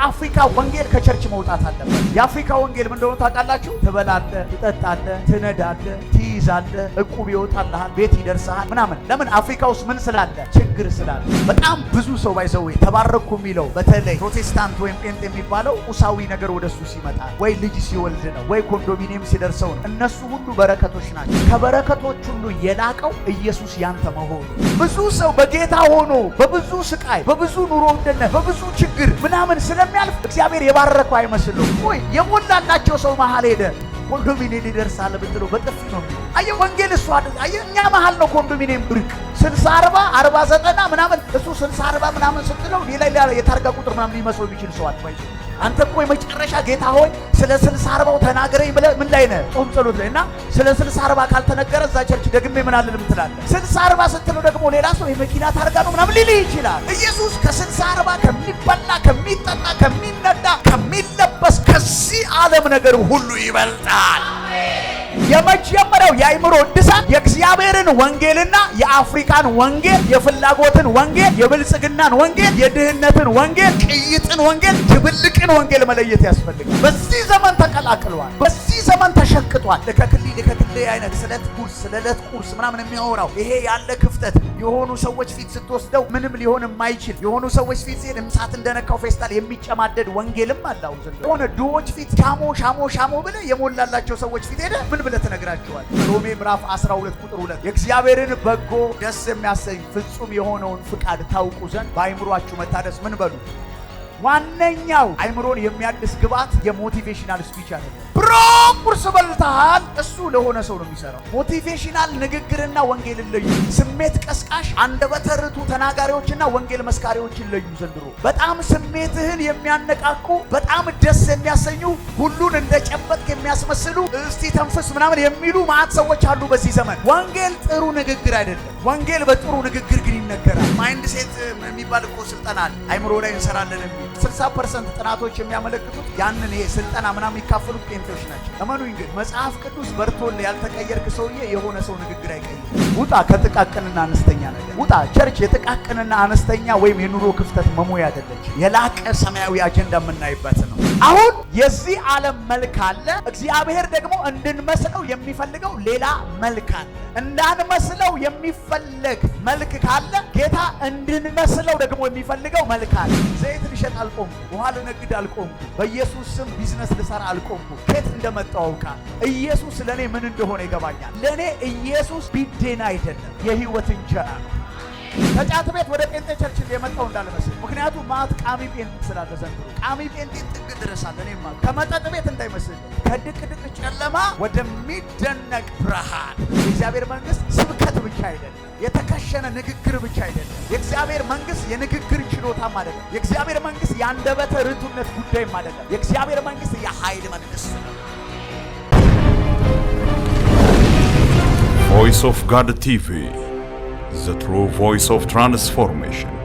የአፍሪካ ወንጌል ከቸርች መውጣት አለበት። የአፍሪካ ወንጌል ምን ታውቃላችሁ? ትበላለ፣ ትጠጣለ፣ ትነዳለ፣ ትይዛለ፣ እቁብ ይወጣልሃል፣ ቤት ይደርሰሃል ምናምን። ለምን? አፍሪካ ውስጥ ምን ስላለ? ችግር ስላለ። በጣም ብዙ ሰው ባይዘው ተባረኩ የሚለው በተለይ ፕሮቴስታንት ወይም ጴንጤ የሚባለው ቁሳዊ ነገር ወደሱ ሲመጣ ወይ ልጅ ሲወልድ ነው ወይ ኮንዶሚኒየም ሲደርሰው ነው። እነሱ ሁሉ በረከቶች ናቸው። ከበረከቶች ሁሉ የላቀው ኢየሱስ ያንተ መሆኑ ብዙ ሰው በጌታ ሆኖ በብዙ ስቃይ፣ በብዙ ኑሮ ውድነት፣ በብዙ ችግር ምናምን ስለ የሚያልፍ እግዚአብሔር የባረከው አይመስልም ወይ? የሞላላቸው ሰው መሀል ሄደ ኮንዶሚኒየም ይደርሳል ብትሉ በጥፊ ነው። አየ ወንጌል እሱ አይደል? አየህ እኛ መሀል ነው ኮንዶሚኒየም ብርቅ 60 40 አርባ ዘጠና ምናምን እሱ 60 40 ምናምን ስትለው ሌላ የታርጋ ቁጥር ምናምን ሊመስለው የሚችል ሰው አትባይ አንተ እኮ የመጨረሻ ጌታ ሆይ ስለ ስልሳ አርባው ተናገረኝ ብለህ ምን ላይ ነህ? ጾም ጸሎት ላይ እና ስለ ስልሳ አርባ ካልተነገረ እዛ ቸርች ደግሜ ምን አልልም ትላለህ። ስልሳ አርባ ስትለው ደግሞ ሌላ ሰው የመኪና ታርጋ ነው ምናምን ሊልህ ይችላል። ኢየሱስ ከስልሳ አርባ ከሚበላ ከሚጠጣ ከሚነዳ ከሚለበስ ከዚህ ዓለም ነገር ሁሉ ይበልጣል። የመጀመሪያው የአይምሮ እድሳት የእግዚአብሔር ወንጌልና የአፍሪካን ወንጌል፣ የፍላጎትን ወንጌል፣ የብልጽግናን ወንጌል፣ የድህነትን ወንጌል፣ ቅይጥን ወንጌል፣ ድብልቅን ወንጌል መለየት ያስፈልጋል በዚህ ዘመን ተቃቅሏል። በዚህ ዘመን ተሸክቷል። ልከክሊ ልከክሌ አይነት ስለት ጉርስ ስለለት ቁርስ ምናምን የሚያወራው ይሄ ያለ ክፍተት የሆኑ ሰዎች ፊት ስትወስደው ምንም ሊሆን የማይችል የሆኑ ሰዎች ፊት ሲሄድ እሳት እንደነካው ፌስታል የሚጨማደድ ወንጌልም አላው ዘንድ የሆነ ድሆች ፊት ሻሞ ሻሞ ሻሞ ብለ የሞላላቸው ሰዎች ፊት ሄደ ምን ብለ ትነግራቸዋል? ሮሜ ምዕራፍ 12 ቁጥር 2 የእግዚአብሔርን በጎ ደስ የሚያሰኝ ፍጹም የሆነውን ፍቃድ ታውቁ ዘንድ በአይምሯችሁ መታደስ ምን በሉ ዋነኛው አይምሮን የሚያድስ ግብዓት የሞቲቬሽናል ስፒች አይደለም። ብሮ ቁርስ በልተሃል። እሱ ለሆነ ሰው ነው የሚሰራው። ሞቲቬሽናል ንግግርና ወንጌል ለዩ። ስሜት ቀስቃሽ አንደበተ ርቱዕ ተናጋሪዎችና ወንጌል መስካሪዎችን ለዩ። ዘንድሮ በጣም ስሜትህን የሚያነቃቁ በጣም ደስ የሚያሰኙ ሁሉን እንደጨበጥክ የሚያስመስሉ እስቲ ተንፍስ ምናምን የሚሉ ማዕት ሰዎች አሉ በዚህ ዘመን። ወንጌል ጥሩ ንግግር አይደለም። ወንጌል በጥሩ ንግግር ግን ይነገራል። ማይንድ ሴት የሚባል እኮ ስልጠና አለ፣ አይምሮ ላይ እንሰራለን የሚል 60 ፐርሰንት ጥናቶች የሚያመለክቱት ያንን ይሄ ስልጠና ምናምን የሚካፈሉት ተከታዮች ናቸው። እመኑኝ ግን መጽሐፍ ቅዱስ በርቶል ያልተቀየርክ ሰውዬ የሆነ ሰው ንግግር አይቀይርም። ውጣ ከጥቃቅንና አነስተኛ ነገር ውጣ። ቸርች የጥቃቅንና አነስተኛ ወይም የኑሮ ክፍተት መሙያ አይደለች። የላቀ ሰማያዊ አጀንዳ የምናይበት ነው። አሁን የዚህ ዓለም መልክ አለ። እግዚአብሔር ደግሞ እንድንመስለው የሚፈልገው ሌላ መልክ አለ። እንዳንመስለው የሚፈለግ መልክ ካለ ጌታ እንድንመስለው ደግሞ የሚፈልገው መልክ አለ። ዘይት ልሸጥ አልቆምኩ፣ ውሃ ልነግድ አልቆምኩ፣ በኢየሱስ ስም ቢዝነስ ልሰራ አልቆምኩ። ከየት እንደመጣው አውቃለሁ። ኢየሱስ ለእኔ ምን እንደሆነ ይገባኛል። ለእኔ ኢየሱስ ቢዴና አይደለም፣ የህይወት እንጀራ ነው። ከጫት ቤት ወደ ጴንጤ ቸርች የመጣው እንዳልመስል። ምክንያቱም ማት ቃሚ ጴንጤ ስላለ ዘንድሮ ቃሚ ጴንጤ ጥግ ድረሳል። እኔማ ከመጠጥ ቤት እንዳይመስል ከድቅድቅ ጨለማ ወደሚደነቅ ብርሃን የእግዚአብሔር መንግስት ስብከት ብቻ አይደለም የተከሸነ ንግግር ብቻ አይደለም። የእግዚአብሔር መንግስት የንግግር ችሎታም አይደለም። የእግዚአብሔር መንግስት የአንደበተ ርቱነት ጉዳይም አይደለም። የእግዚአብሔር መንግስት የኃይል መንግስት ነው። ቮይስ ኦፍ ጋድ ቲቪ ዘ ትሩ ቮይስ ኦፍ ትራንስፎርሜሽን